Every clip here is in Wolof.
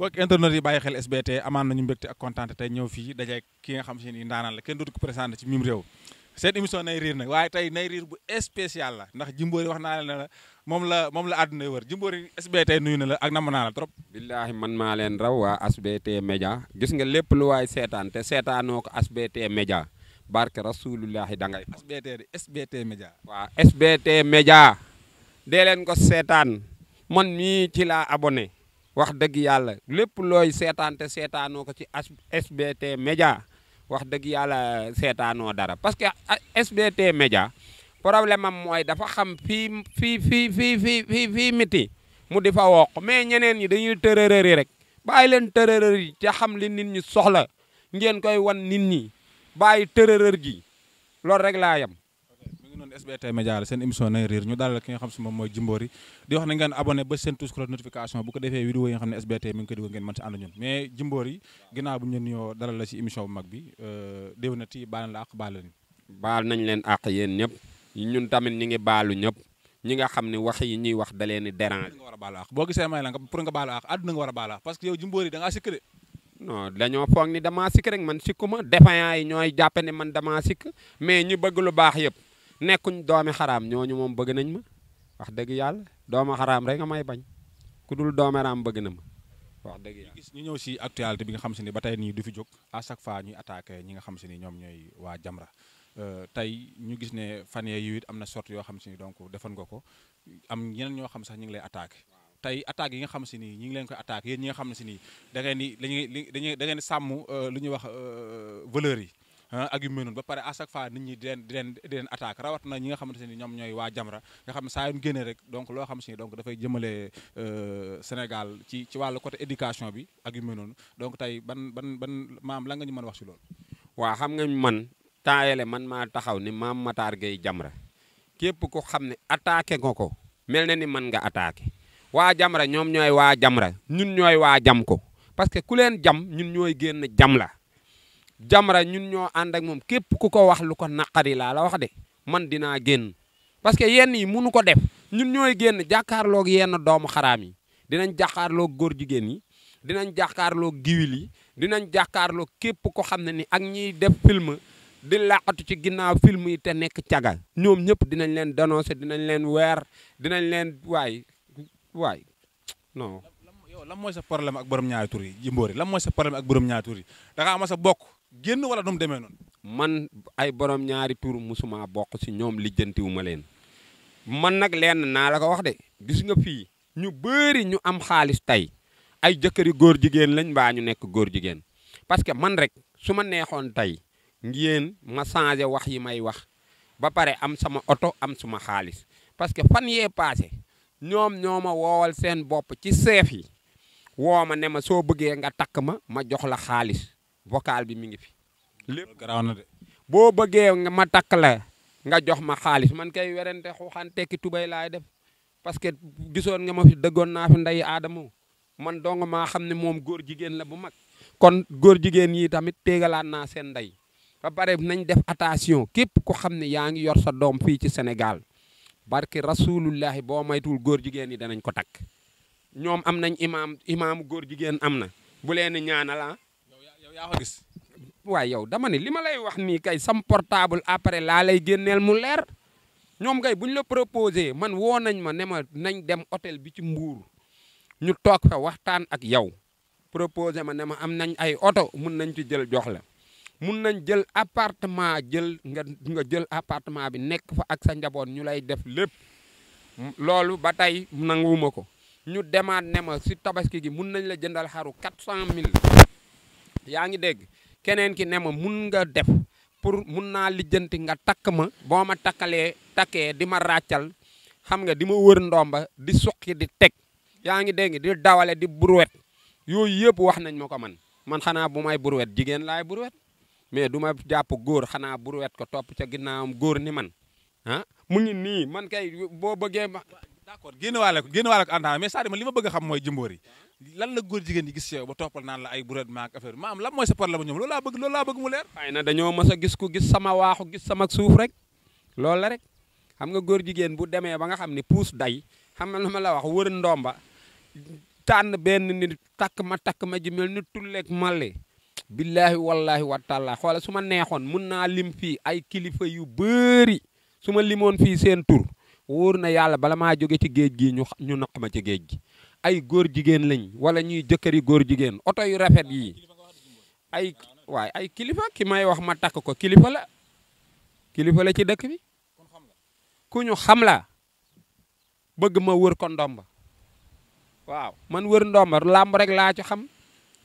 mbokk internet yi bàyyi xel SBT amaan nañu mbégte ak kontaan tey ñëw fii daje ki nga xam si ni ndaanaan la kenn dootu ko présenté ci mim réew seen émission nay riir nag waaye tey nay riir bu spécial la ndax Jimbori wax naa ne la moom la moom la àdduna wër Jimbori SBT nuyu na la ak nam naa la trop billaahi man maa leen raw waa SBT Média gis nga lépp lu waaye seetaan te seetaanoo ko SBT Média barke rasulullahi da ngay SBT di SBT Média waaw SBT Média dee leen ko seetaan man mii ci laa abonné wax dëgg yàlla lépp looy seetaan te seetaanoo ko ci SBT Média wax dëgg yàlla seetaanoo dara parce que SBT Média problème am mooy dafa xam fii fii fii fii fii fii fii miti mu di fa wokk mais ñeneen ñi dañuy tërërëri rek bàyyi leen tërërër yi ca xam li nit ñi soxla ngeen koy wan nit ñi bàyyi tërërër gi loolu rek laa yem kon SBT Média la seen émission nay riir ñu dalal ki nga xam si moom mooy ba seen touche cloche notification bu xam ne SBT mi ngi ko mag bi euh, déw ti baal la àq baal la baal nañ leen àq wax da leen di dérange nga war a baal àq boo gisee may la nga nga baal àq àdduna nga war a baal parce que yow Djimbory da ngaa sikk de non dañoo foog ni damaa sikk rek man sikku ma défaillant yi ñooy jàppe ne mais ñu bëgg lu baax yëpp nekkuñ doomi xaraam ñooñu moom bëgg nañ ma wax dëgg yàlla doomu xaraam rek nga may bañ ku dul doomi raam bëgg na ma wax dëgg yàlla gis ñu ñëw si actualité bi nga xam si ni ba tey nii du fi jóg à chaque fois ñuy attaqué ñi nga ni ñoom ñooy waa Jamra euh, tey ñu gis ne fan yee am na sorte yoo xam si ni donc defoon nga ko am ñeneen ñoo xam sax ñu ngi lay attaqué tey attaques yi nga xam si ni ñi ngi leen koy attaqué yéen ñi nga xam si ni da ngeen di dañuy da ngeen di sàmm euh, lu ñu wax euh, valeur yi Ah, ak yu mel noonu ba pare à chaque fois nit ñi di leen di leen di attaque rawat na ñi nga xamante ni ñoom ñooy waa Jamra nga xam ne saa yoon génnee rek donc loo xam si donc dafay jëmale euh, Sénégal ci ci wàllu côté éducation bi ak noonu donc tey ban ban ban maam la nga ñu mën wax si loolu waaw xam nga man taayale man ma taxaw ni maam mataar Gueye Jamra képp ko xam ne attaqué nga ko mel na ni man nga attaque waa Jamra ñoom ñooy waa Jamra ñun ñooy waa jam ko parce que ku leen jam ñun ñooy génn jam la Jamra ñun ñoo ànd ak moom képp ku ko wax lu ko naqari laa la wax de man dinaa génn parce que yenn yi munu ko def ñun ñooy génn jàkkaarloog yenn doomu xaraam yi dinañ jàkkaarloog góor jigéen yi dinañ jàkkaarloog giwil yi dinañ jàkkaarloog képp ko xam ne ni ak ñii def film di laqatu ci ginnaaw film yi te nekk cagal ñoom ñëpp dinañ leen dénoncer dinañ leen weer dinañ leen waay waay non. yow lan mooy sa problème ak borom ñaari tur yi Jimbori lan mooy sa problème ak borom ñaari yi da nga am sa bokk. génn wala nu demee noonu. man ay borom ñaari tur musuma bokk si ñoom lijjantiwu ma leen man nag lenn naa la ko wax de gis nga fii ñu bëri ñu am xaalis tey ay jëkkëri góor jigéen lañ mbaa ñu nekk góor jigéen parce que man rek su ma neexoon tey ngeen ma changé wax yi may wax ba pare am sama oto am suma xaalis parce que fan yee passé ñoom ñoo ma woowal seen bopp ci seef yi woo ma ne ma soo bëggee nga takk ma ma jox la xaalis vocal bi mi ngi fi. lépp boo bëggee ma takk la nga jox ma xaalis man kay werante xuuxaan tekki tubay laay def parce que gisoon nga ma fi dëggoon naa fi ndey aadamo man dong maa xam ne moom góor jigéen la bu mag. kon góor jigéen yi tamit téegalaat naa seen ndey ba pare nañ def attention képp ku xam ne yaa ngi yor sa doom fii ci senegal barke rasulullahi boo maytul góor jigéen yi danañ ko takk ñoom am nañ imaam imaamu góor jigéen am na bu leen ñaanala ah. yow yaa ko waaye yow dama ne li ma lay wax nii kay sam portable après laa lay génneel mu leer ñoom kay bu ñu la proposé man woo nañ ma ne ma nañ dem hôtel bi ci Mbuur ñu toog fa waxtaan ak yow proposé ma ne ma am nañ ay oto mun nañ ci jël jox la. mun nañ jël appartement jël nga nga jël appartement bi nekk fa ak sa njaboot ñu lay def lépp loolu ba tey nanguwuma ko ñu demaat ne ma si tabaski gi mun nañ la jëndal xaru mille yaa ngi dégg keneen ki ne ma mun nga def pour mun naa lijjanti nga takk ma boo ma takkalee takkee di ma raccal xam nga di ma wër ndomba di suqi di teg yaa ngi dégg di dawale di buruwet yooyu yëpp wax nañ ma ko man man xanaa bu may buruwet jigéen laay buruwet mais du ma jàpp góor xanaa buruwet ko topp ca ginnaawam góor ni man ah mu ngi nii man kay boo bëggee ma. d' accord génn waale ko génn waale ko mais c'est-à-dire li ma bëgg a xam mooy jëmbóor yi lan la góor jigéen ñi gis yow ba toppal naan la ay bureet maak affaire bi maam lan mooy sa problème ñoom loolu laa bëgg loolu laa bëgg mu leer. xëy na dañoo mës a gis ko gis sama waaxu gis sama suuf rek loolu la rek xam nga góor jigéen bu demee ba nga xam ni puus day xam na lu ma la wax wër ndomba tànn benn ni takk ma takk ma ji mel ni tulleeg male billaahi wallaahi wa taala xoola su ma neexoon mun naa lim fii ay kilifa yu bëri su ma limoon fii seen tur wóor na yàlla bala maa jóge ci gi ñu ñu ci géej gi ay góor jigéen lañ wala ñuy jëkkër yi góor jigéen oto yu rafet yi ay waaye ay kilifa ki may wax ma takk ko kilifa la kilifa la ci dëkk bi ku ñu xam la bëgg ma wër ko ndomba waaw man wër ndomba làmb rek laa ci xam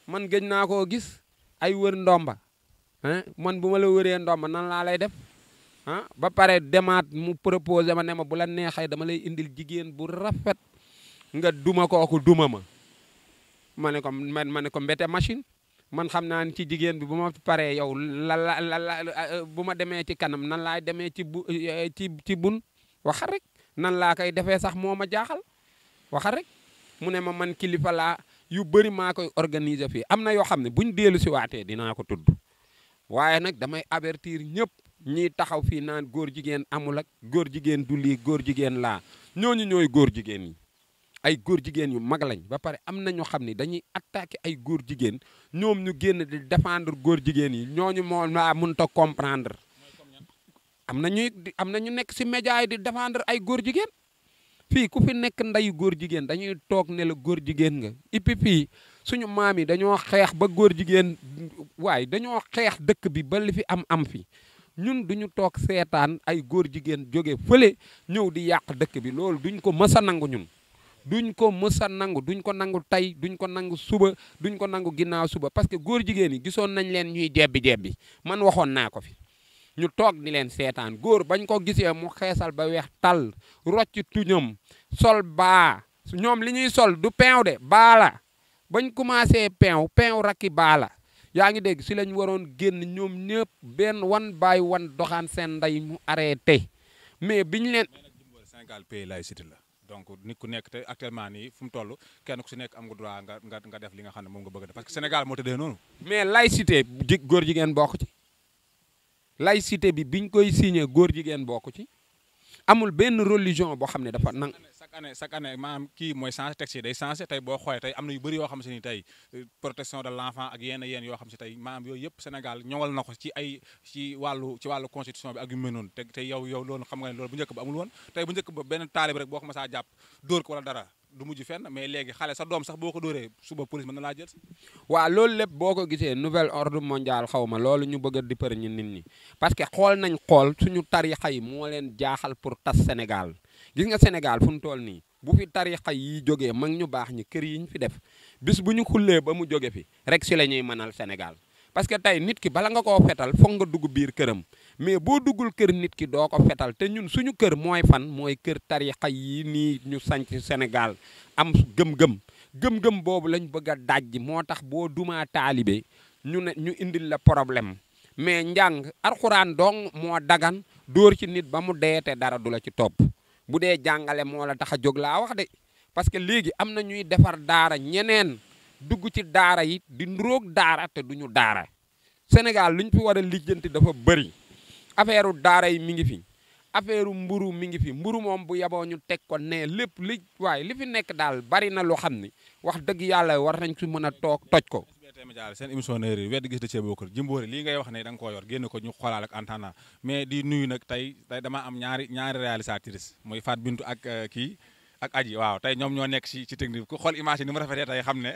man gëj naa koo gis ay wër ndomba man bu ma la wëree ndomba nan laa lay def ah ba pare demaat mu proposé ma ne ma bu la neexee dama lay indil jigéen bu rafet nga duma kooku duma ma ma ne ko man ma ne ko mbete machine man xam naa ni ci jigéen bi bu ma paree yow la la la euh, bu ma demee ci kanam nan laay demee ci bu euh, ci ci bun wax nan laa koy defee sax moo ma jaaxal wax mu ne ma man kilifa laa yu bëri maa koy organiser fii am na yoo xam ne buñ dellu si waatee dinaa ko tudd waaye nag damay avertir ñëpp ñii taxaw fii naan góor jigéen amul ak góor jigéen du lii góor jigéen laa ñooñu ñooy góor jigéen yi ay góor jigéen yu mag lañ ba pare am na ñoo xam ni dañuy attaqué ay góor jigéen ñoom ñu génn di défendre góor jigéen yi ñooñu moo laa mënut a comprendre. am na ñuy am na ñu nekk si média yi di défendre ay góor jigéen fii ku fi nekk ndeyu góor jigéen dañuy toog ne la góor jigéen nga et puis fii suñu maam yi dañoo xeex ba góor jigéen waaye dañoo xeex dëkk bi ba li fi am am fi ñun duñu toog seetaan ay góor jigéen jóge fële ñëw di yàq dëkk bi loolu duñ ko mës a nangu ñun duñ ko mës a nangu duñ ko nangu tey duñ ko nangu suba duñ ko nangu ginnaaw suba parce que góor jigéen yi gisoon nañ leen ñuy jebbi jebbi man waxoon naa ko fi ñu toog ni leen seetaan góor bañ ko gisee mu xeesal ba weex tàll rocc tuñam sol baa ñoom li ñuy sol du peew de baala la bañ commencé peew peew rakki baala yaa ngi dégg si lañ waroon génn ñoom ñëpp benn wan bàyyi wan doxaan seen ndey mu arrêté mais biñ leen. 50 pays lay la. donc nit ku nekk te actuellement nii fu mu toll kenn ku si nekk am nga droit nga nga nga def li nga xam ne moom nga bëgg a def parce que Sénégal moo tëddee noonu. mais laïcité ji góor jigéen bokk ci laïcité bi biñ koy signé góor jigéen bokku ci amul benn religion boo xam ne dafa nang chaque année chaque année maanaam kii mooy changé texte yi day changé tey boo xoolee tey am na yu bëri yoo xam si ni tey euh, protection de l' enfant ak yenn yenn yoo xam si tey maanaam yooyu yëpp Sénégal ñoŋal na ko ci ay ci wàllu ci wàllu constitution bi ak yu te tey yow yow loolu xam nga ne loolu bu njëkk ba amul woon tey bu jëkk ba benn taalib rek boo xam saa jàpp dóor ko wala dara du mujj fenn mais léegi xale sa doom sax boo ko dóoree suba police mën na laa jël si. waaw loolu lépp boo ko gisee nouvel ordre mondial xawma ma loolu ñu bëgg a di për ñu nit ñi parce que xool nañ xool suñu tarixa yi moo leen jaaxal pour tas senegal gis nga Sénégal fu mu toll nii bu fi tarixa yi jógee mag ñu baax ñi kër yi ñu fi def bis bu ñu xullee ba mu jóge fi rek si la ñuy mënal Sénégal parce que tey nit ki bala nga koo fetal foog nga dugg biir këram mais boo duggul kër nit ki doo ko fetal te ñun suñu kër mooy fan mooy kër tarixa yi nii ñu sanc Sénégal am gëm-gëm gëm-gëm boobu lañ bëgg a dajji moo tax boo dumaa taalibe ñu ne ñu indil la problème mais njàng alxuraan dong moo dagan dóor ci nit ba mu deete dara du la ci topp bu dee jàngale moo la tax a jóg laa wax de parce que léegi am na ñuy defar daara ñeneen dugg ci daara yi di nuroog daara te du ñu daara Sénégal luñ fi war a lijjanti dafa bëri affaire daara yi mi ngi fi affaire mburu mi ngi fi mburu moom bu yaboo ñu teg ko ne lépp li waaye li nekk daal bari na loo xam ne wax dëgg yàlla war nañ ci mën a toog toj ko. seen émission Neur yi wedd gis da cee bokkul li lii ngay wax ne da ko koo yor ko ñu xoolaal ak antana mais di nuyu nag tey dama am ñaari ñaari réalisatrice muy Fat Bintu ak euh, kii. ak aji waaw tey ñoom ñoo nekk si ci technique ku xool image yi ni mu rafetee tey xam ne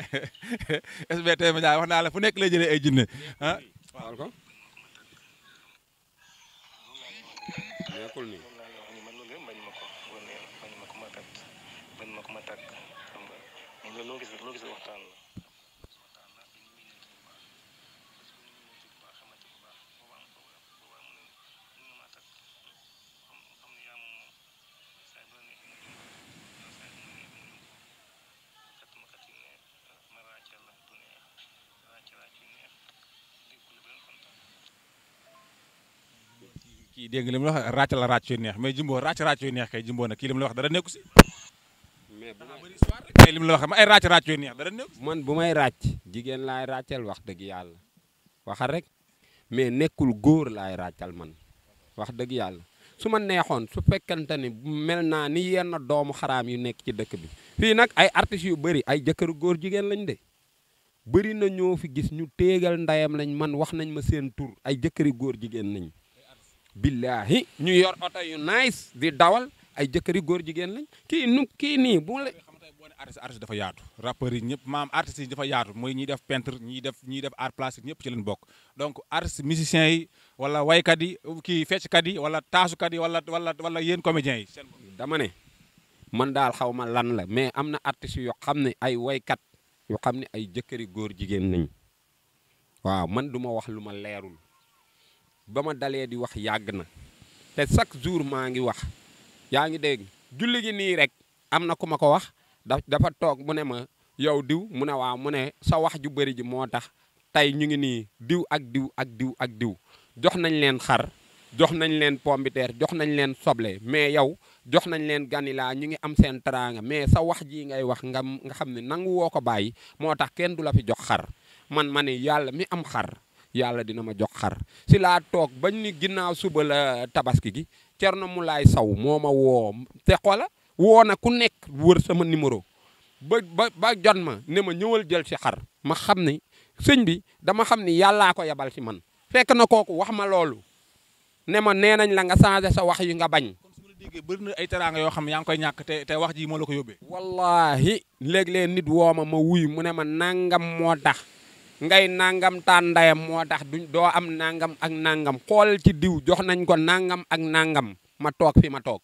SBT Média wax naa la fu nekk lay jëlee ay jinne ah neexul nii kii dégg nga li mu la wax ràcc la ràcc yu neex mais jimbo ràcc ràcc yu neex kay jimbo nag kii li mu la wax dara nekku si. mais li mu la ay ràcc ràcc yu neex dara nekku man bu may ràcc jigéen laay ràccal wax dëgg yàlla waxal rek mais nekkul góor laay raccal man wax dëgg yàlla su ma neexoon su fekkente ni mel naa ni yenn doomu xaraam yu nekk ci dëkk bi fii nag ay artistes yu bari ay jëkkëru góor jigéen lañ de bëri na ñoo fi gis ñu téegal ndeyam lañ man wax nañ ma seen tur ay jëkkëri góor jigéen nañ billaahi ñu yor oto yu nice di dawal ay jëkkëri góor jigéen lañ kii nu kii nii bu la. artiste artiste dafa yaatu rappeurs yi ñëpp maam artistes yi dafa yaatu mooy ñiy def peintre ñiy def ñiy def art plastique ñëpp bokk donc artiste musiciens yi wala waykat yi kii fecckat yi wala taasukat yi wala wala wala yéen comédiens yi dama ne man daal xaw ma lan la mais am na artistes yoo xam ne ay waykat yoo xam ne ay jëkkëri góor jigéen nañ waaw man du ma wax lu ma leerul ba ma dalee di wax yàgg na te chaque jour maa ngi wax yaa ngi dégg julli gi nii rek am na ku ma ko wax dafa toog mu ne ma yow diw mu ne waaw mu ne sa wax ju bëri ji moo tax tey ñu ngi nii diw ak diw ak diw ak diw jox nañ leen xar jox nañ leen pombiteer jox nañ leen soble mais yow jox nañ leen ganilaa ñu ngi am seen teraanga mais sa wax jii ngay wax nga nga xam ne nangu woo ko bàyyi moo tax kenn du la fi jox xar man ma ne yàlla mi am xar yàlla dina ma jox xar si laa toog bañ ni ginnaaw suba la tabaski gi na mu Mulaay Saw moo ma woo te xoola woo na ku nekk wër sama numéro ba ba ba jot ma ne ma ñëwal jël si xar ma xam ni sëñ bi dama xam ni yàllaa ko yabal si man fekk na kooku wax ma loolu ne ma nee nañ la nga changé sa wax yi nga bañ déggee bëri na ay teraanga yoo xam ne yaa ngi koy ñàkk te te wax ji moo la ko yóbbee. wallaahi léeg-léeg nit woo ma ma wuy mu ne ma nangam moo tax ngay nangam taan ndayam moo tax duñ doo am nangam ak nangam xool ci diw jox nañ ko nangam ak nangam ma toog fi ma toog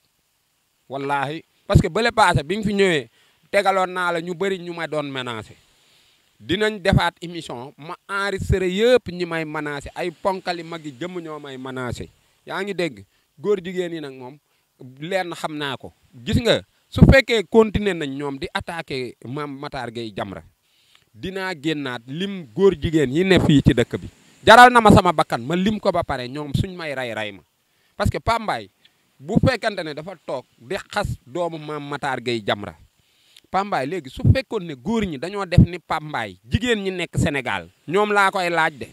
wallahi parce que bële paase bi nga fi ñëwee tegaloon naa la ñu bëri ñu ma doon menacé dinañ defaat émission ma enregistré yëpp ñi may menacé ay ponkali mag yi jëmm ñoo may menacé yaa ngi dégg góor jigéen yi nag moom leen xam naa ko gis nga su fekkee continuer nañ ñoom di attaqué maam Matar Gueye Jamra dinaa génnaat lim góor jigéen yi ne fii ci dëkk bi jaral na ma sama bakkan ma lim ko ba pare ñoom suñ may ray ray ma parce que pambaay bu fekkante ne dafa toog de xas doomu maam mataar Gueye Jamra pambaay léegi su fekkoon ne góor ñi dañoo def ni mbaay jigéen ñi nekk Sénégal ñoom laa koy laaj de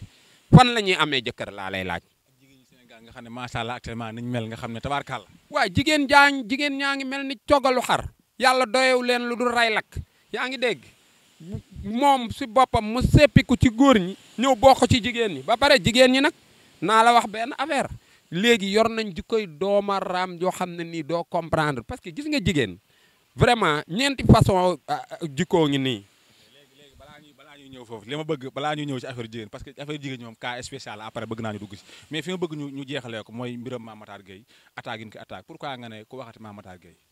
fan la ñuy amee jëkkër laa lay laaj. jigéen ñi Sénégal nga xam ne macha allah actuellement niñ mel nga xam ne tabaarkàlla. waaw jigéen jaa jigéen ñaa ngi mel ni cogalu xar. yàlla doyew leen lu dul ray lakk yaa ngi dégg moom si boppam mu seppiku ci góor ñi ñëw bokk ci jigéen ñi ba pare jigéen ñi nag naa la wax benn affaire léegi yor nañ jikkoy dooma raam joo xam ne nii doo comprendre parce que gis nga jigéen vraiment ñeenti façon ah, ah, jikkoo ngi nii. ñëw foofu li ma bëgg balaa ñu ñëw ci affaire jigéen parce que affaire jigéen ñi moom cas spécial après bëgg naa ñu dugg ci mais fi ma bëgg ñu ñu jeexalee mooy mbiram Mame Matar Gueye attaque yi ñu ko attaque pourquoi nga n ku waxati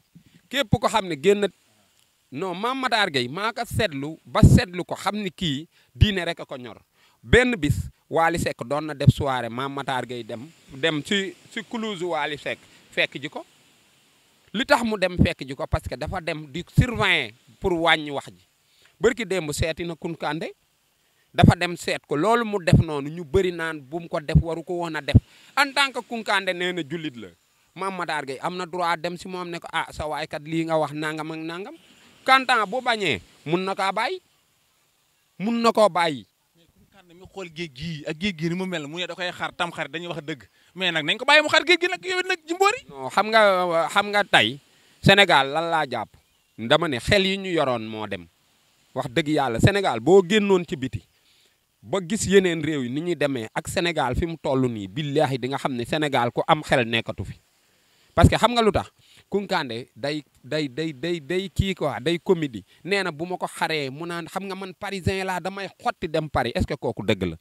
non maam Matar Gueye maa ko seetlu ba seetlu ko xam ni kii diine rek a ko ñor benn bis Waly Seck doon na def soirée maam Matar Gueye dem dem ci ci Toulouse Waly Seck fekk ji ko li tax mu dem fekk ji ko parce que dafa dem di surveiller pour wàññi wax ji bërki démb seeti na kunkande dafa dem seet ko loolu mu def noonu ñu bëri naan bum ko def waru ko woon a def en tant que kunkande nee na jullit la maam Matar Gueye am na droit dem si moom ne ko ah sa waay kat lii nga wax nangam ak nangam kantan bu bañee mun na kaa bàyyi mun na koo bàyyi. mais mi xool géej gii ak géej gii mu mel mu ne da koy xar tam dañuy wax dëgg mais nag nañ ko bàyyi mu xar géej gi nag yow nag jimboori. non xam nga xam nga tey Sénégal lan laa jàpp dama ne xel yi ñu yoroon moo dem wax dëgg yàlla Sénégal boo génnoon ci biti ba gis yeneen réew yi ni ñuy demee ak Sénégal fi mu toll nii billaahi di nga xam ne Sénégal ku am xel nekkatu fi parce que xam nga lu tax. Kunkande day day day day day kii quoi day comédie nee na bu ma ko xaree mu naan xam nga man parisien laa damay xotti dem Paris est-ce que kooku dëgg la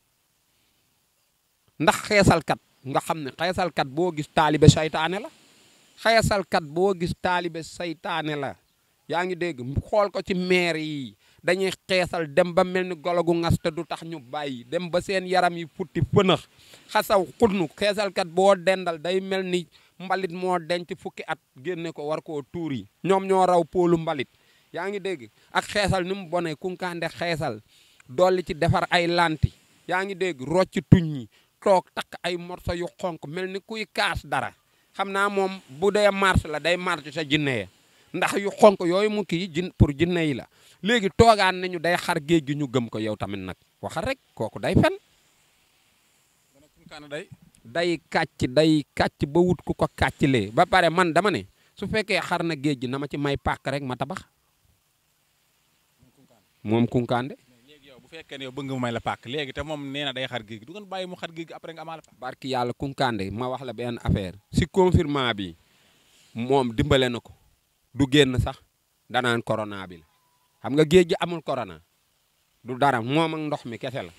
ndax xeesalkat nga xam ne xeesalkat boo gis taalibe seytaane la xeesalkat boo gis taalibe saytaane la yaa ngi dégg xool ko ci maire yi dañuy xeesal dem ba mel ni golo gu ngas du tax ñu bàyyi dem ba seen yaram yi futti pënax xasaw xudnu xeesalkat boo dendal day mel ni mbalit moo denc fukki at génne ko war ko tuur yi ñoom ñoo raw poolu mbalit yaa ngi dégg ak xeesal ni mu bonee kunkaande xeesal dolli ci defar ay lanti yaa ngi dégg rocc tuñ yi toog takk ay morso yu xonk mel ni kuy kaas dara xam naa moom bu dee marche la day marche sa jinne ya ndax yu xonk yooyu mu kii jin pour jinne yi la léegi toogaan nañu day xar géej gi ñu gëm ko yow tamit nag waxal rek kooku day fen. day kàcc day kàcc ba wut ku ko kàccilee ba pare man dama ne su fekkee xar na géej gi na ma ci may pàkk rek ma tabax moom kunkaande léegi yow bu fekkee ne yow bëgg mu may la pàkk léegi te moom nee day xar géej gi du ngeen mu xar géej gi après nga amaale pàkk barki yàlla kunkaande ma wax la benn affaire si confirmation bi moom dimbale na ko du génn sax danaan corona bi la xam nga géej gi amul corona du dara moom ak ndox mi kese la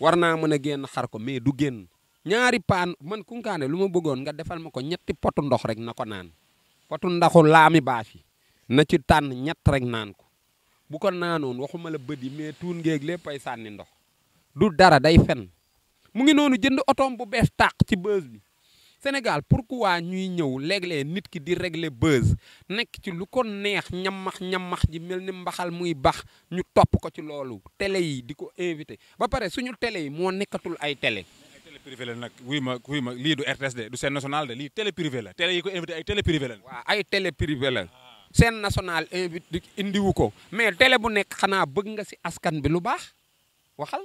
war naa mën a génn xar ko mais du génn ñaari paan man kunkaane lu ma bëggoon nga defal ma ko ñetti potu ndox rek na ko naan potu ndaxu mi baax yi na ci tànn ñett rek naan ko bu ko naanoon waxuma la bët yi mais tuun ngeeg léppay sànni ndox du dara day fen mu ngi noonu jënd otoom bu bees tàq ci bës bi Sénégal pourquoi ñuy ñëw léeg nit ki di régler bës nekk ci lu ko neex ñamax ñamax ji mel ni mbaxal muy bax ñu topp ko ci loolu télé yi di ko invité ba pare suñu tele yi moo nekkatul ay télé privé la nag wuy ma wuy ma lii du RTS de du Chaîne Nationale de lii télé privé télé yi ko invité ay télé privé la. waaw ay télé ah. indiwu ko mais télé bu nekk xanaa bëgg nga si askan bi lu baax waxal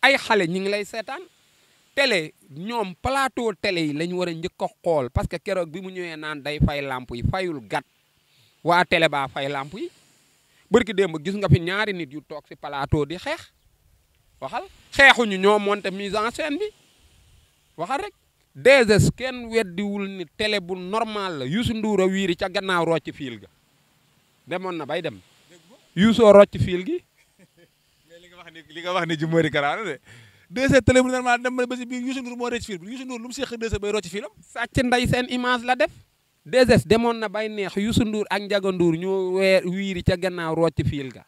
ay xale ñi ngi lay seetaan télé ñoom plateau télé yi la ñu war a njëkk xool parce que keroog bi mu ñëwee naan day fay lamp yi fayul gat waa télé baa fay lamp yi bërki démb gis nga fi ñaari nit yu toog si plateau di xeex waxal xeexuñu ñoo monté mise en scène waxal rek DSS kenn weddiwul ni télé bu la Youssou Ndour a wiiri ca gannaaw rocc fiil ga demoon na bay dem Youssou rocc fiil gi. mais li nga wax ni li nga wax ni Jimbori Kara de. DSS télé bu normal dem si biir Youssou Ndour moo rocc fiil bi Youssou Ndour lu mu seq DSS bay la fiilam. sàcc nday seen image la def. DSS demoon na bay neex Youssou nduur ak Ndiaga Ndour ñoo wiiri ca gannaaw rocc fiil ga.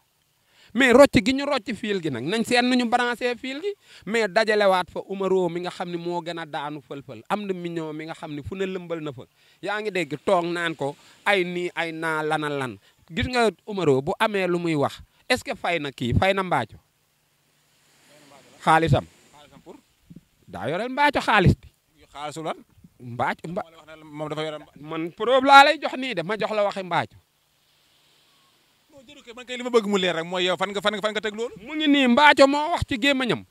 mais rocc gi ñu rocc fiil gi nag nañ seen nañu branché fiil gi mais dajalewaat fa Umaro mi nga xam ne moo gën a daanu fël-fël am na mignon mi nga xam ne fu ne lëmbal na fa yaa ngi dégg toog naan ko ay nii ay naa lana lan gis nga Umaro bu amee lu muy wax est-ce que fay na kii fay na mbaaco xaalisam daa yoreel mbaaco xaalis bi xaalisu lan mbaaco mba man problème laa lay jox nii de ma jox la waxi mbaaco man kay li ma bëgg mu leer rek mooy nga fan nga teg loolu. mu ngi nii Mbaaco moo wax ci gémmiñam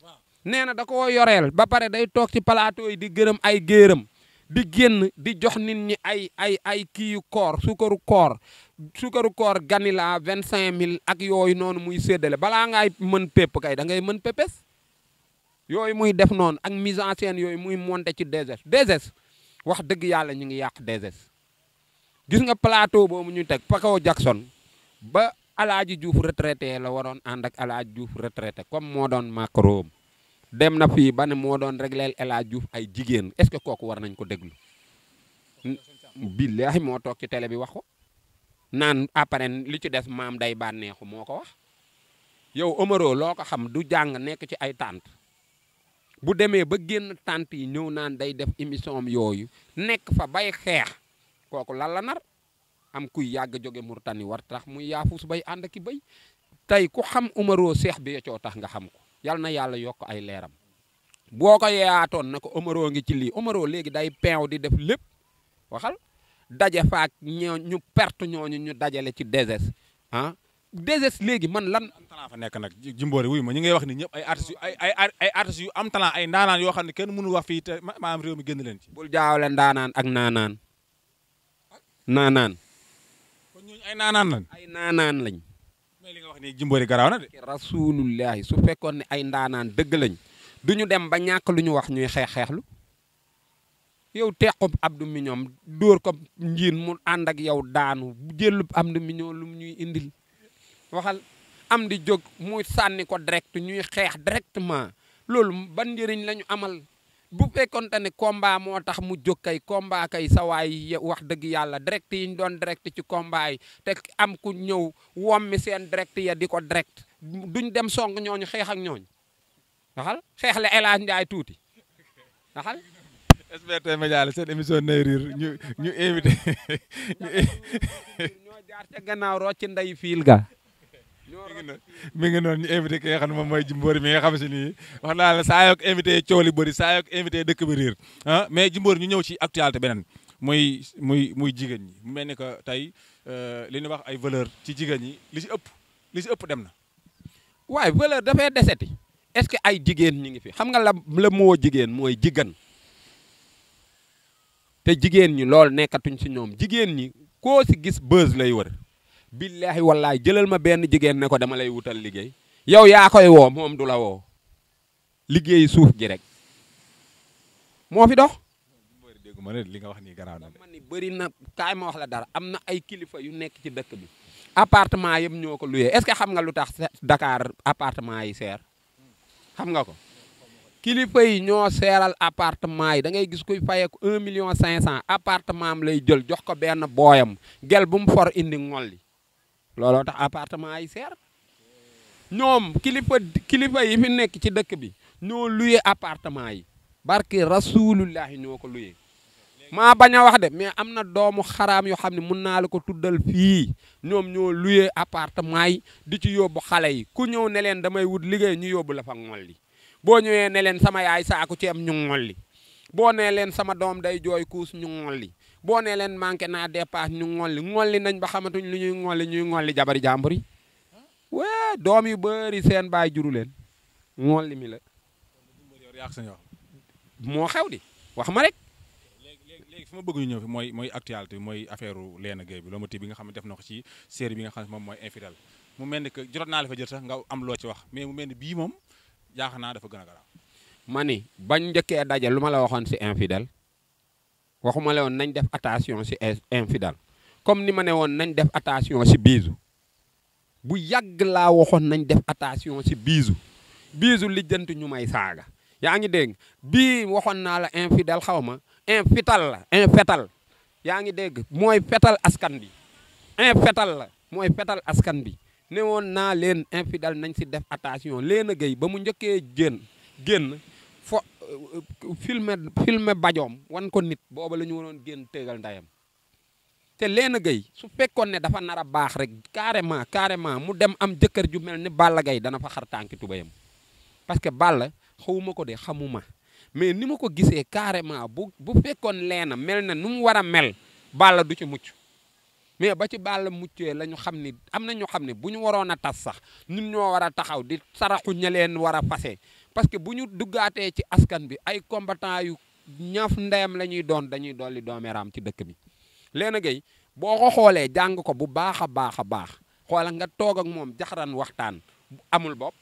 nee na da koo yoreel ba pare day toog ci plateau yi di gërëm ay géeram di génn di jox nit ñi ay ay ay kii yu koor sukaru koor sukaru koor ganila vingt cinq mille ak yooyu noonu muy séddale balaa ngay mën pépp kay dangay ngay mën pépes yooyu muy def noonu ak mise en scène yooyu muy monter ci DSS DSS wax dëgg yàlla ñu ngi yàq DSS gis nga plateau boobu ñu teg Paco Jackson ba alaaji Diouf retraité la waroon ànd ak alaaji Diouf retraité comme moo doon macro dem na fii ba moo doon régleel alaaji Diouf ay jigéen est-ce que kooku war nañ ko déglu billaahi moo toog ci télé bi wax ko naan après li ci des maam day bànneexu moo ko wax yow Omaro loo ko xam du jàng nekk ci ay tànt bu demee ba génn tànt yi ñëw naan day def émission am yooyu nekk fa bay xeex kooku lan la nar am kuy yàgg jóge Murtani war tax muy yaafus bay ànd ki bay tey ku xam Omaro Seex Béthio tax nga xam ko yal na yàlla yokk ay leeram boo ko yeeyaatoon na ko Omaro ngi ci lii Omaro léegi day peew di def lépp waxal daje faak ñoo ñu perte ñooñu ñu dajale ci DSS ah DSS léegi man lan am talent nekk nag jimboori wuy ma ñi ngay wax ni ñëpp ay artistes yu am talent ay ndaanaan yoo xam ne kenn mënu wax fii te maanaam réew mi génn leen ci bul jaawale ndaanaan ak naanaan naanaan ay naanaan lañ ay naanaan lañ mais li nga wax ni jimboori garaaw na de rasulullahi su fekkoon ne ay ndaanaan dëgg lañ du ñu dem ba ñàkk lu ñu wax ñuy xeex-xeexlu yow tequb abdu miñoom dóor ko njiin mu ànd ak yow daanu jëllub abdu miñoom lu ñuy indil waxal am di jóg muy sànni ko direct ñuy xeex directment loolu ban njëriñ la amal bu fekkonte ne komba moo tax mu jóg kay combat kay sawaay wax dëgg yàlla direct yi ñu doon direct ci combat yi te am ku ñëw wommi seen direct ya di ko direct duñ dem song ñooñu xeex ak ñooñu waxal xeex la Ndiaye tuuti waxal. SBT Média la seen émission nay riir ñu ñu invité. ñoo jaar ca gannaaw ci nday filga mi ngi noonu ñu invité ki nga xam ne moom mooy Jimbori mi nga xam si nii wax naa la saa yook invité coow li bëri saa yook invité dëkk bi ah mais Jimbori ñu ñëw si ci actualité beneen muy muy muy jigéen ñi mu mel ni que tey euh, li ñuy wax ay valeur ci jigéen ñi li si ëpp li si ëpp dem na. waaye valeur dafay deseti est-ce que ay jigéen ñi ngi fi xam nga la la moo jigéen mooy jigéen te jigéen ñi loolu nekkatuñ si ñoom jigéen ñi koo si gis buzz lay wër. billaahi wallaahi jëlal ma benn jigéen ne ko dama lay wutal liggéey yow yaa koy woo moom du la woo liggéey suuf gi rek moo fi dox. ma ne li nga wax nii garaaw na. man ni bëri na kaay wax la dara am na ay kilifa yu nekk ci dëkk bi. appartement yëpp ñoo ko luyee est-ce que xam nga lu tax Dakar appartement yi seer xam nga ko kilifa yi ñoo seeral appartement yi da ngay gis kuy fayeeku un million cinq cent appartement am lay jël jox ko benn booyam gel bu mu for indi ngolli looloo tax appartement yi seer ñoom kilifa kilifa yi fi nekk ci dëkk bi ñoo luye appartement yi barke rasulullahi ñoo ko luye maa bañ a wax de mais am na doomu xaram yoo xam ne mun naa la ko tuddal fii ñoom ñoo luye appartement yi di ci yóbbu xale yi ku ñëw ne leen damay wut liggéey ñu yóbbu la fa ngolli boo ñëwee ne leen sama yaay saaku ceeb ñu ngolli boo nee leen sama doom day jooy kuus ñu ngolli boo nee leen manqué naa dépasse ñu ŋolli ŋolli nañ ba xamatuñ lu ñuy ŋolli ñuy ŋolli jabari jàmbur yi wee doom yu bëri seen baay juru leen ŋolli mi la. moo xew di wax ma rek. léegi fi ma bëgg ñu ñëw fi mooy mooy actualité bi mooy affaire Léna Gueye bi lomotif bi nga xam ne def na ko ci série nga xam ne moom mooy infidel mu mel ni que jotoon naa la fa jël sax nga am loo ci wax mais mu mel ni bii moom jaaxal naa dafa gën a garaaw. ma ni bañ njëkkee daje lu ma la waxoon si infidèle waxuma la woon nañ def attention si infidèle comme ni ma ne woon nañ def attention si biisu bu yàgg laa waxoon nañ def attention si biisu biisu lijjanti ñu may saaga yaa ngi dégg bii waxoon naa la infidèle xaw ma infital la infetal yaa ngi dégg mooy fetal askan bi infetal la mooy fetal askan bi ne woon naa leen infidèle nañ si def attention leen a géy ba mu njëkkee génn génn filmer filmer bajoom wan ko nit booba la ñu waroon génn téegal ndayam te Léna Gueye su fekkoon ne dafa nar a baax rek carrément carrément mu dem am jëkkër ju mel ni Balla gay dana fa xar tànki tubayam parce que Balla xawuma ko de xamuma mais ni ma ko gisee carrément bu bu fekkoon Léna mel na nu mu war a mel Balla du ci mucc mais ba ci Balla muccee la ñu xam ni am na ñoo xam ne bu ñu waroon a tas sax ñun ñoo war a taxaw di saraxu ña leen war a fase parce que bu ñu duggaatee ci askan bi ay combattant yu ñaf ndeyam la ñuy doon dañuy dolli doomeeraam ci dëkk bi Léna Gueye boo ko xoolee jàng ko bu baax a baax a baax xoola nga toog ak moom jaxaran waxtaan amul bopp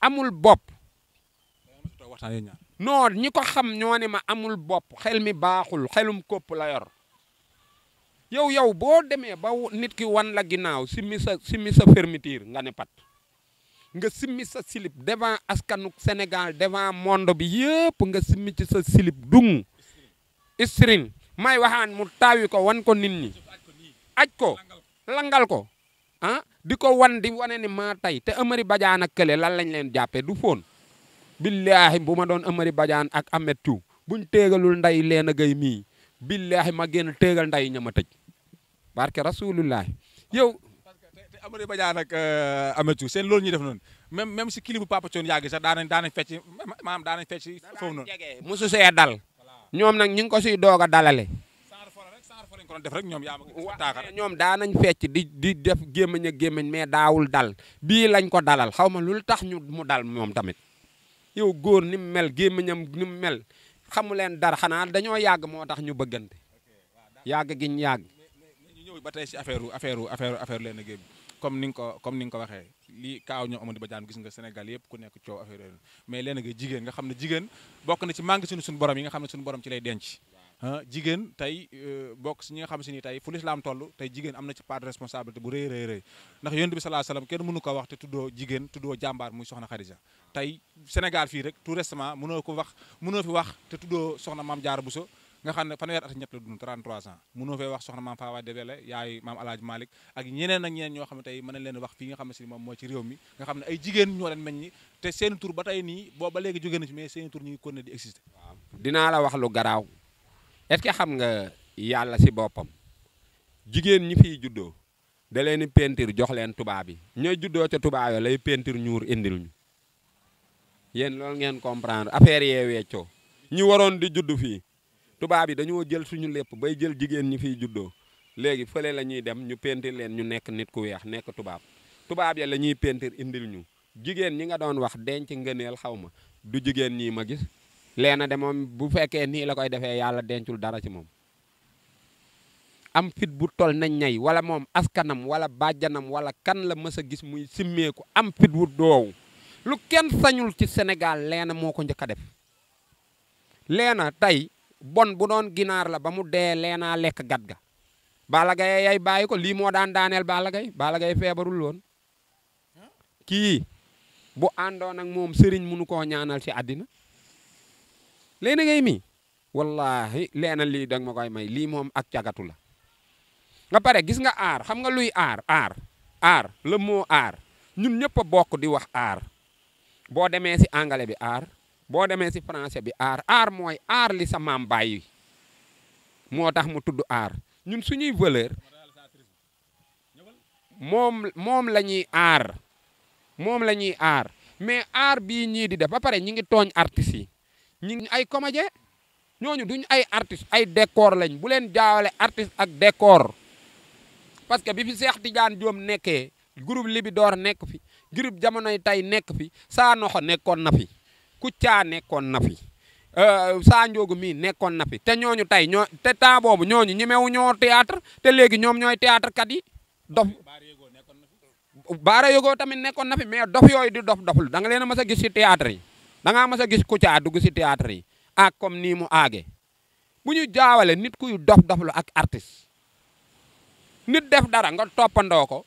amul bopp non ñi ko xam ñoo ne ma amul bopp xel mi baaxul xelum kopp la yor yow yow boo demee ba nit ki wan la ginnaaw si mi sa si mi sa fermeture nga ne pat nga simmi sa silib devant askanu senegal devant mondo bi yëpp nga simmi sa silib dung isrin may waxaan mu taawi ko wan ko nit ñi aj ko langal ko ah di ko wan di wane ni ma tey te Amari Badiane ak kële lan lañ leen jàppee du foon billaahi bu ma doon Amari Badiane ak Amet Thiou buñ téegalul nday leen a gay mii billaahi ma génn téegal nday ña ma tëj barke rasulullahi yow Amady Badiane ak euh, Amathou seen loolu ñuy def noonu même même si clip bu Papa Thione yàgg sax daanañ daanañ fecc maanaam daanañ fecc foofu noonu mosu dal ñoom nag ñu ngi ko siy doog a dalale def rek ñoom yaa ma ñoom daanañ fecc di di def gémmañ ak gémmañ mais daawul dal bii lañ ko dalal xaw ma lu tax ñu mu dal moom tamit yow góor ni mu mel gémmañam ni mu mel xamu leen dara xanaa dañoo yàgg moo tax ñu bëggante yàgg gin yàgg ñu ñëw ba tey si affaire affaire affaire affaire leen géem comme ni nga ko comme ni nga ko waxee lii kaaw ñoo amoon di ba jaan gis nga Sénégal yëpp ku nekk coow affaire yooyu mais léena nga jigéen nga xam ne jigéen bokk na ci manque suñu suñu borom yi nga xam ne suñu borom ci lay denc ah jigéen tey euh, bokk si ñi nga xam si ni tey fu lislaam toll tey jigéen am na ci part de responsabilité bu rëy rëy rëy ndax yonent bi sallallahu alayhi wasallam kenn mënu ko wax te tuddoo jigéen tuddoo jàmbaar muy soxna Khadija tey Sénégal fii rek tout récemment mënoo ko wax mënoo fi wax te tuddoo soxna Maam Jaara Buso nga xam ne fanweer at ñett la dund 33 ans mënoo fee wax soxna maam Fawa Debele yaay maam Alaaji Malick ak ñeneen ak ñeneen ñoo xam ne tey mën na leen wax fii nga xam ne si moom moo ci réew mi nga xam ne ay jigéen ñoo leen meññi te seen tur ba tey nii boo ba léegi jóge na ci mais seen tur ñu ngi continuer di exister dinaa la wax lu garaaw est-ce que xam nga yàlla si boppam jigéen ñi fi juddoo da leen di peinture jox leen tubaab yi ñooy juddoo ca tubaab yi lay ñuur indil yéen loolu ngeen comprendre affaire yee weccoo ñi waroon di judd fii tubaab yi dañoo jël suñu lépp bay jël jigéen ñi fiy juddoo léegi fële la ñuy dem ñu pentir leen ñu nekk nit ku weex nekk tubaab tubaab ya la ñuy pentir indil ñu jigéen ñi nga doon wax denc ngëneel xawma du jigéen ñii ma gis leena de moom bu fekkee nii la koy defee yàlla dencul dara ci moom am fit bu tol na ñay wala moom askanam wala bàjjanam wala kan la mës a gis muy simmeeku am fit wu doow lu kenn sañul ci senegal leena moo ko njëkk a def leena bon bu doon ginaar la ba mu dee leenaa lekk gat ga Balla Gaye yay bàyyi ko lii moo daan daaneel Balla Gaye Balla Gaye feebarul woon kii bu àndoon ak moom sëriñ munu ko ñaanal ci àddina leena ngay mi wallahi leena lii danga ma koy may lii moom ak cagatu la nga pare gis nga aar xam nga luy aar aar aar le aar ñun ñëpp a di wax aar boo demee ci angale bi aar boo demee si français bi aar aar mooy aar li sa maam bàyyi moo tax mu tudd aar ñun suñuy valeur moom moom la ñuy aar moom la ñuy aar mais aar bii ñii di def ba pare ñi ngi tooñ artistes yi ñi ay comédien ñooñu duñ ay artiste ay décor lañ bu leen jaawale artiste ak décor parce que bi fi Cheikh Tidiane Diom nekkee bi door nekk fi groupe jamonoy tey nekk fi saa noxo nekkoon na fi Kouthia nekkoon na fi euh, Sa Ndiogou mii nekkoon na fi te ñooñu tey ñoo te temps boobu ñooñu ñemewu ñoo théâtre te léegi ñoom ñooy théâtre kat yi dof baara yogoo tamit nekkoon na fi mais dof yooyu di dof doful da nga leen a mës a gis si théâtre da ngaa mës a gis Kouthia dugg si théâtre yi ak comme nii mu aage bu ñu jaawale nit kuy dof doflu ak artiste nit def dara nga toppandoo ko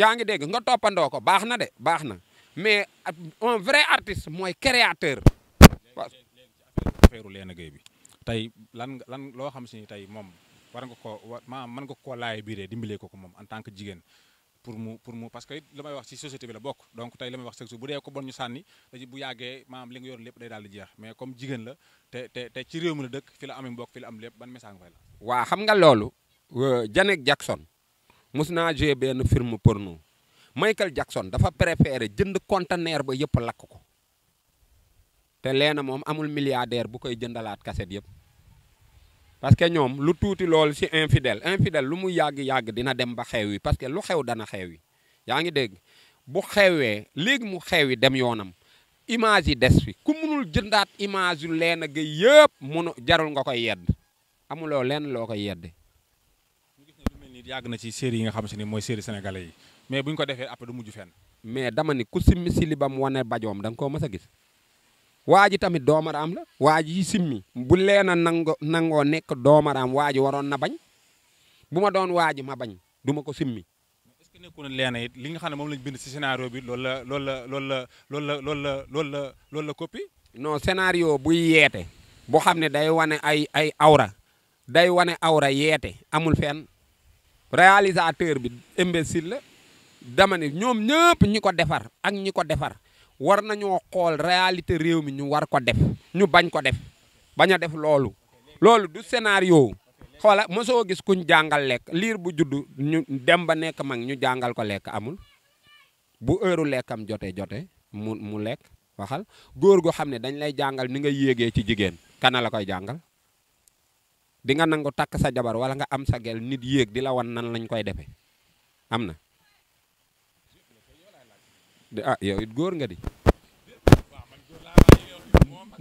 yaa ngi dégg nga toppandoo ko baax na de baax na mais un vrai artiste mooy créateur. waaw léegi affaire Léna Gueye bi tey lan lan loo xam si ni tey moom war nga ko wa maanaam mën nga koo laaye biiree dimbalee ko ko moom en tant que jigéen pour mu pour parce que it may wax si société bi la bokk donc tey li may wax chaque jour bu dee ko bon ñu sànni dañu bu yàggee maanaam li nga yor lépp day daal di jeex mais comme jigéen la te te te ci réew mi la dëkk fi la amee mbokk fi la am lépp ban message nga fay la. waaw xam nga loolu. Euh, Janet Jackson mos naa joué benn film porno. Michael Jackson dafa préféré jënd conteneur ba yëpp lakk ko te leena moom amul milliardaire bu koy jëndalaat kaset yëpp parce que ñoom lu tuuti lool ci infidèle infidèle lu mu yàgg-yàgg dina dem ba xew yi parce que lu xew dana xew yi yaa ngi dégg bu xewee léegi mu xew yi dem yoonam image yi des fi ku munul jëndaat image yu leena ga yëpp munu jarul nga koy yedd amuloo leen loo koy yedde. ñu gis ne lu mel ni yàgg na ci série yi nga xam si ne mooy série sénégalais yi. mais bu ñu ko defee après du mujj fen mais dama ni ku simmi si li ba mu wane bajoom da ko koo a gis waa ji tamit doomaraam la waa yi simmi bu leen a nango nangoo nekk doomaraam waa ji waroon na bañ bu ma doon waa ji ma bañ du ma ko simmi. est-ce que nekkul leen it li nga xam ne moom lañ bind si scénario bi loola loola loolu la loolu la loolu la loolu la loolu la loolu la buy yeete. boo xam ne day wane ay ay awra day wane awra yeete amul fen réalisateur bi imbécile la. dama ne ñoom ñëpp ñi ko defar ak ñi ko defar war nañoo xool réalité réew mi ñu war ko def ñu bañ ko def bañ a def loolu. loolu du scénario xoola mosoo gis kuñ jàngal lekk liir bu juddu ñu dem ba nekk mag ñu jàngal ko lekk amul bu ëru lekkam jotee jote mu mu lekk waxal góor gu xam ne dañ lay jàngal ni nga yéegee ci jigéen kana la koy jàngal. di nga nangu takk sa jabar wala nga am sa gel nit yéeg di la wan nan lañ koy defee am na. a ah, yow it góor nga di.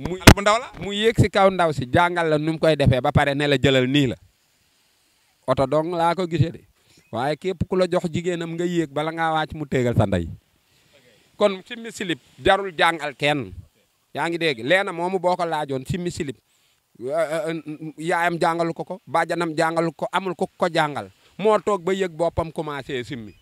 mu bu ndaw la mu yéeg si kaw ndaw si jàngal la nu mu koy defee ba pare ne la jëlal nii la oto dong laa ko gisee de waaye képp ku la jox jigéenam nga yéeg bala ngaa wàcc mu téegal sa ndey kon simmi silip jarul jàngal kenn yaa ngi dégg leena moomu boo ko laajoon simmi silip yaayam jàngalu ko ko bàjjanam jàngalu ko amul ko ko jàngal moo toog ba yëg boppam commencé simmi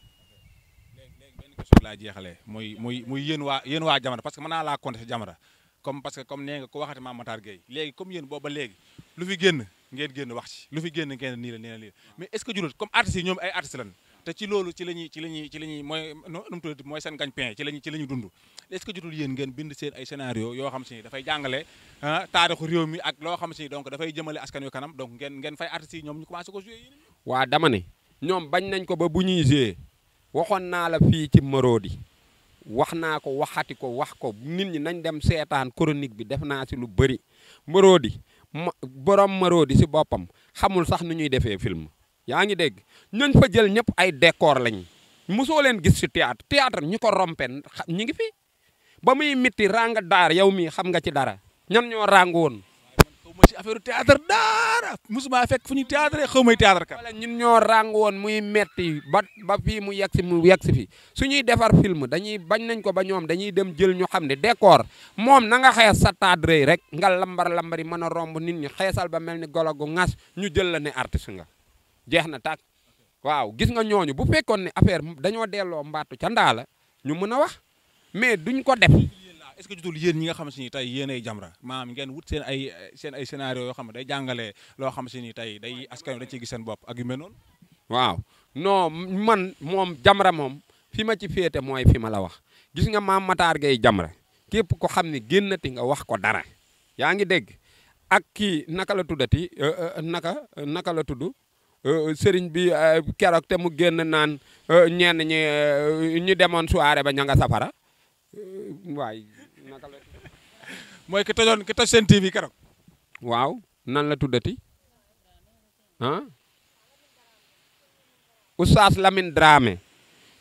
su laa jeexalee muy muy muy yéen waa waa Jamra parce que mën naa laa compter si Jamra comme parce que comme nee nga ko waxati Mame Matar Gueye comme yéen booba léegi lu fi génn ngeen génn wax ci lu fi génn ngeen nii la nii la mais est ce comme artistes yi ñoom ay artistes lañ te ci loolu dund est ce que jotul yéen ngeen bind seen ay scénario yoo xam si ni dafay jàngale ah, taarixu réew ak loo xam si ni donc dafay jëmale askan wi kanam donc ngeen ngeen fay artistes yi ñoom waa dama ne ñoom bañ nañ ko ba bu ñuy waxoon naa la fii ci Marodi wax naa ko waxati ko wax ko nit ñi nañ dem seetaan chronique bi def naa si lu bëri Marodi ma borom Marodi si boppam xamul sax nu ñuy defee film. yaa ngi dégg ñooñ fa jël ñëpp ay décor lañ mosoo leen gis si théâtre théâtre ñu ko rompen ñu ngi fi ba muy mitti ràng daar yow mii xam nga ci dara ñan ñoo ràng woon ma ci affaire théâtre daara musuma fekk fu ñu théâtre xaw may théâtre kat. wala ñun ñoo ràng woon muy metti ba ba fii mu yegg si mu yegg si fi suñuy defar film dañuy bañ nañ ko ba ñoom dañuy dem jël ñu xam ne dekoor moom na nga xees sa tadre rek nga lambar lambar yi mën a romb nit ñi xeesal ba mel ni golo gu ŋas ñu jël la ne artiste nga jeex na tàkk waaw gis nga ñooñu bu fekkoon ne affaire dañoo delloo mbaatu ca ndaa la ñu mën a wax mais duñ ko def est-ce que jotul yéen ñi nga xam si ni tey yéen ay Jamra maanaam ngeen wut seen ay seen ay scénario yoo xam ne day jàngale loo xam si ni tey day askan dañ ciy gis seen bopp ak yu mel waaw non man moom Jamra moom fi ma ci féete mooy fi ma la wax gis nga maam Matar Gueye Jamra képp ko xam ne génnati nga wax ko dara yaa ngi dégg ak kii naka la tuddati euh, euh, naka naka la tudd euh, sëriñ bi keroog te mu génn naan ñenn ñi ñu demoon soirée ba ña nga safara waay mooy ki tojoon ki toj seen TV keroog. waaw nan la tuddati ah. Oustaz Lamine Dramé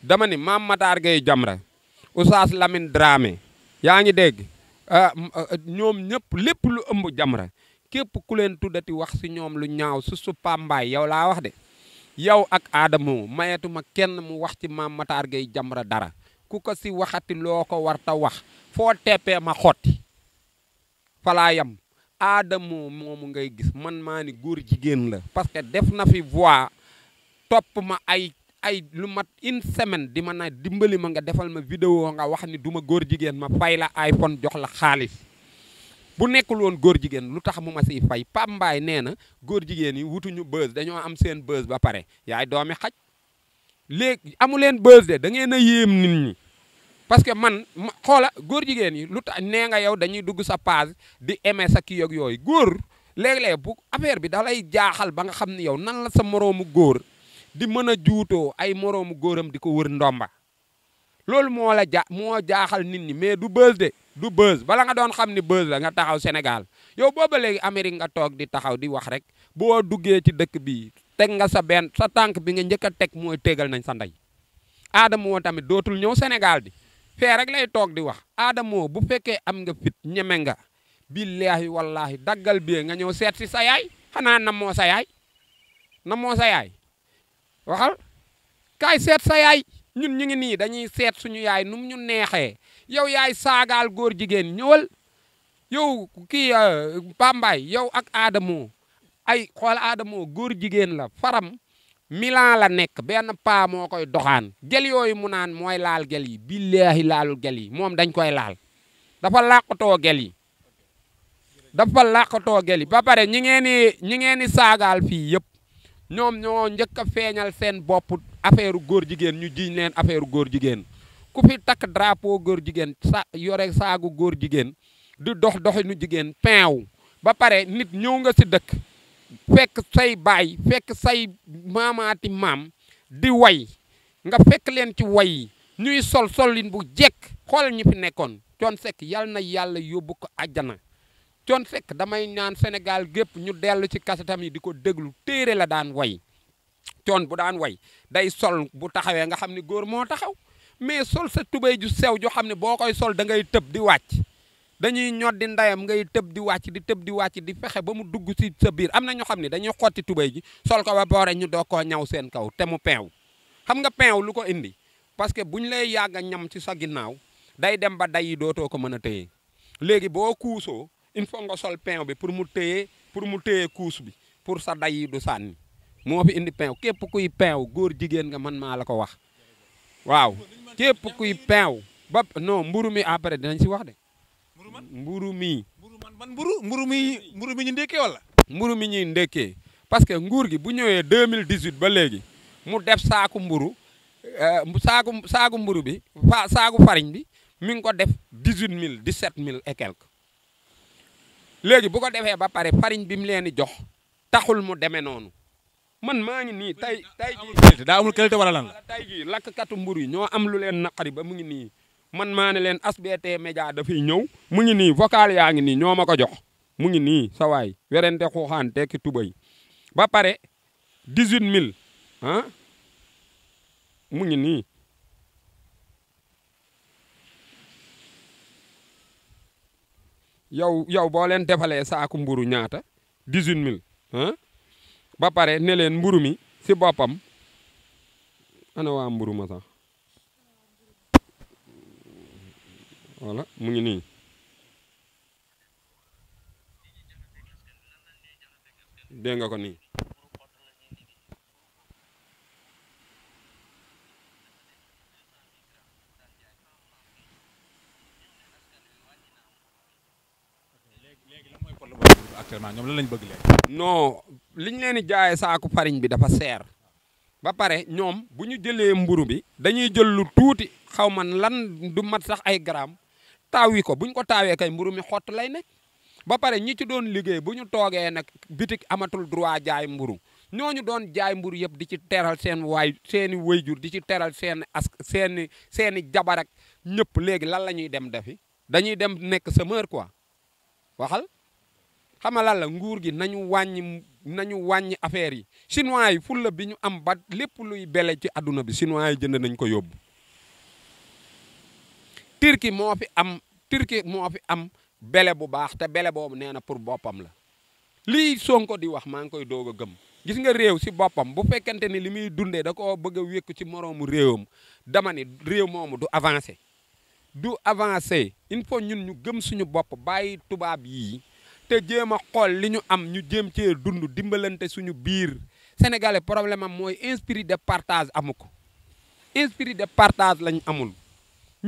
dama ni maam Matar Gueye Jamra Oustaz Lamine Dramé yaa ngi dégg ah, ah, ñoom ñëpp lépp lu ëmb Jamra képp ku leen tuddati wax si ñoom lu ñaaw su su pambaay yow laa wax de yow ak Adamo mayetuma kenn mu wax ci maam Matar Gueye Jamra dara ku ko si waxati loo ko war wax foo teppee ma xotti falaa yam aadamoo moomu ngay gis man maa ni góor jigéen la parce que def na fi voix topp ma ay ay lu mat une semaine di ma na dimbali ma nga defal ma vidéo nga wax ni du ma góor jigéen ma fay la iPhone jox la xaalis bu nekkul woon góor jigéen lu tax mu ma siy fay Pape Mbaye nee na góor jigéen yi wutuñu buzz dañoo am seen buzz ba pare yaay doomi xaj léegi amu leen buzz de da ngeen a yéem nit ñi parce que man xoola góor jigéen yi lu tax nee nga yow dañuy dugg sa page di emee sa kii ak yooyu góor léeg-léeg bu affaire bi dalay lay jaaxal ba nga xam ne yow nan la sa moroomu góor di mën a juutoo ay moroomu góoram di ko wër ndomba loolu moo la ja moo jaaxal nit ñi mais du buzz de du buzz bala nga doon xam ni buzz la nga taxaw Sénégal yow booba léegi Amérique nga toog di taxaw di wax rek boo duggee ci dëkk bi teg nga sa benn sa tànk bi nga njëkk teg moo tegal nañ sa ndey aadama woo tamit dootul ñëw Sénégal di fee rek lay toog di wax Adamo bu fekkee am nga fit ñeme nga billaahi wallaahi daggal bee nga ñëw seet si sa yaay xanaa na moo sa yaay na moo sa yaay waxal kaay seet sa yaay ñun ñu ngi nii dañuy seet suñu yaay num ñu neexee yow yaay saagaal góor jigéen ñëwal yow kii euh, Pambaay yow ak Adamo ay xool Adamo góor jigéen la faram Milan la nekk benn paamoo koy doxaan gel yooyu mu naan mooy laal gel yi billaahi laalu gel yi moom dañ koy laal dafa làqatoo gel yi dafa làqatoo gel yi ba pare ñi ngeen ñi ngeen ni saagaal fii yëpp ñoom ñoo njëkk a feeñal seen bopp affaire góor jigéen ñu jiñ leen affaire góor jigéen ku fi takk drapeau góor jigéen sa yore saagu góor jigéen di dox doxinu jigéen peew ba pare nit ñëw nga si dëkk fekk say baay fekk say maamaati maam di woy nga fekk leen ci way yi ñuy sol solin bu jekk xool ñu fi nekkoon Thione Seck yal na yàlla yóbbu ko àjjana Thione Seck damay ñaan Sénégal gépp ñu dellu ci kasetam yi di ko déglu téere la daan woy Thione bu daan way day sol bu taxawee nga xam ni góor moo taxaw mais sol sa tubéy ju sew joo xam ne boo koy sol da ngay tëb di wàcc dañuy ñod di ndayam ngay tëb di wàcc di tëb di wàcc di fexe ba mu dugg si sa biir am na ñoo xam ne dañuy xotti tubéy ji sol ko ba boore ñu doo koo ñaw seen kaw te mu peew xam nga peew lu ko indi parce que bu ñu lay yàgg a ñam ci sa ginnaaw day dem ba day dootoo ko mën a téye léegi boo kuusoo il faut nga sol peew bi pour mu téye pour mu téye kuus bi pour sa day yi du sànni moo fi indi peew képp kuy peew góor jigéen nga man maa la ko wax waaw képp kuy peew ba non mburu mi après dinañ si wax de mburu mii mburu man man mburu mburu mii mburu mi ñu ndékkee wala mburu mi ñuy ndékkee parce que nguur gi bu ñëwee 2018 ba léegi mu def saaku mburu euh, saaku saaku mburu bi fa saaku fariñ bi mi ngi ko def 18000 17000 et quelque léegi bu ko defee ba pare fariñ bi mu leen di jox taxul mu demee noonu man maa ngi nii tey tey jii daa amul qualité wala lan la tey jii lakkatu mburu yi ñoo am lu leen naqari ba mu ngi nii man maa ne leen SBT Média dafay ñëw mu ngi nii vocal yaa ngi nii ñoo ma ko jox mu ngi nii saway waay werente xuuxaan tekki tubay ba pare dix-huit mil ah mu ngi nii yow yow boo leen defalee saaku mburu ñaata dix-huit mil ah ba pare ne leen mburu mi si boppam ana waa mburu ma sax voilà mu ngi nii dégg nga ko nii actuellement ñoom lan lañ bëgg léegi. liñ leen di jaayee saaku farine bi dafa seer ba pare ñoom bu ñu jëlee mburu bi dañuy jël lu tuuti xaw man lan du mat sax ay garaam taawi ko bu ñu ko taawee kay mburu mi xott lay nekk ba pare ñi ci doon liggéey bu ñu toogee nag bitik amatul droit jaay mburu ñoo ñu doon jaay mburu yëpp di ci teral seen waay seeni wayjur di ci teral seen ask seeni seeni jabar ñëpp léegi lan la ñuy dem defi dañuy dem nekk semeur quoi waxal xam nga la nguur gi nañu wàññi nañu wàññi yi chinois yi fulla bi ñu am ba lépp luy bele ci àdduna bi chinois yi jënd nañ ko yóbbu turki moo fi am turki moo fi am bele bu baax te bele boobu nee na pour boppam la lii Sonko di wax maa ngi koy doog a gëm gis nga réew si boppam bu fekkente ni li muy dundee da koo bëgg a wékku ci moroomu réewam dama ni réew moomu du avancé du avancé il faut ñun ñu gëm suñu bopp bàyyi tubaab yii te jéem a xool li ñu am ñu jéem cee dund dimbalante suñu biir sénégalais problème am mooy esprit de partage amu ko esprit de partage lañ amul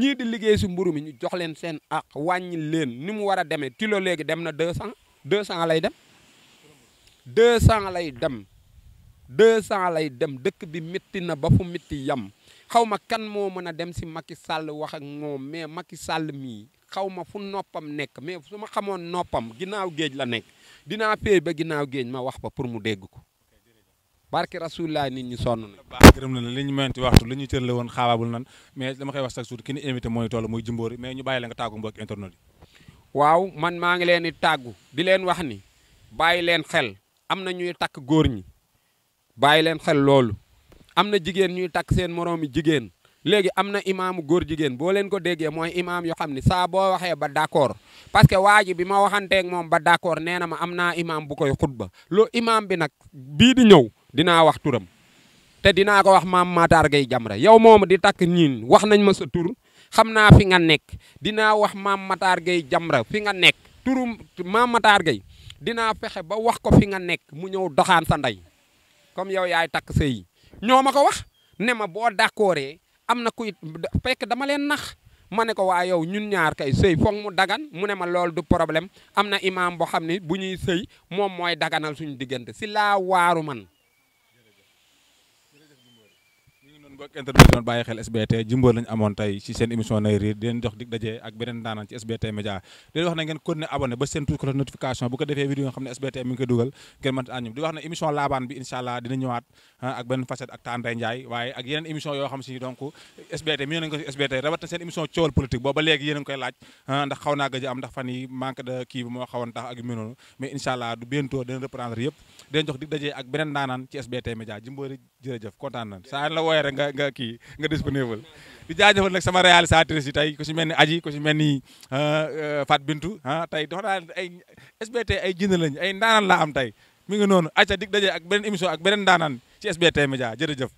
ñii di liggéey si mburu mi ñu jox leen seen ak wàññi leen ni mu war a demee kilo léegi dem na deux cent deux cent lay dem deux cent lay dem deux cent lay dem dëkk bi métti na ba fu métti yam xaw ma kan moo mën a dem si Macky sàll wax ak moom mais Macky Sall mii xawma fu noppam nekk mais su ma xamoon noppam ginnaaw géej la nekk dinaa féey ba ginnaaw géej ma wax ba pour mu dégg ko barke rasulilah nit ñi sonn na baax gërëm na la li ñu mënti waxtu li ñu cërale woon xaabaabul nan mais dama koy wax chaque jour ki ni invité mooy toll muy jumboori mais ñu bàyyi la nga tàggu mbokk internet yi waaw man maa ngi leen di tàggu di leen wax ni bàyyi leen xel am na ñuy takk góor ñi bàyyi leen xel loolu am na jigéen ñuy takk seen moroomi jigéen léegi am na imaamu góor jigéen boo leen ko déggee mooy imaam yoo xam ne saa boo waxee ba d'accord parce que waa ji bi ma waxanteek moom ba d'accord nee na ma am naa imaam bu koy xutba loo imaam bi nag bii di ñëw dinaa wax turam te dinaa ko wax maam Matar Gueye Jamra yow moom di takk ñiin wax nañ ma sa tur xam naa fi nga nekk dinaa wax maam mataar Gueye Jamra fi nga nekk turu maam Matar Gueye dinaa fexe ba wax ko fi nga nekk mu ñëw doxaan sa ndey comme yow yaay takk sëy ñoo ma ko wax ne ma boo d'accordee am na kuy fekk dama leen nax ma ne ko waa yow ñun ñaar kay sëy foog mu dagan mu ne ma loolu du problème am na imaam boo xam ne bu ñuy sëy moom mooy daganal suñu diggante si laa waaru man mbokk internet xel SBT jimboor lañu amoon tey ci seen émission nay riir di jox dig daje ak beneen daanaan ci SBT Média di leen ngeen kon ne abonné ba seen tuuti ko notification bu ko defee vidéo nga xam ne SBT mi ngi dugal dig daje ak beneen daanaan ci SBT Média jimboori jërëjëf kontaan nañ saa la wooyee rek nga nga kii nga disponible di jaajëfal nag sama réalisatrice yi tey ku si mel ni Aji ko si mel ni ah, ah, Fat Bintu ah tey dafa daal ay SBT ay jinn lañ ay ndaanaan laa am tey mi ngi noonu acca dig daje ak beneen émission ak beneen ndaanaan ci SBT Média jërëjëf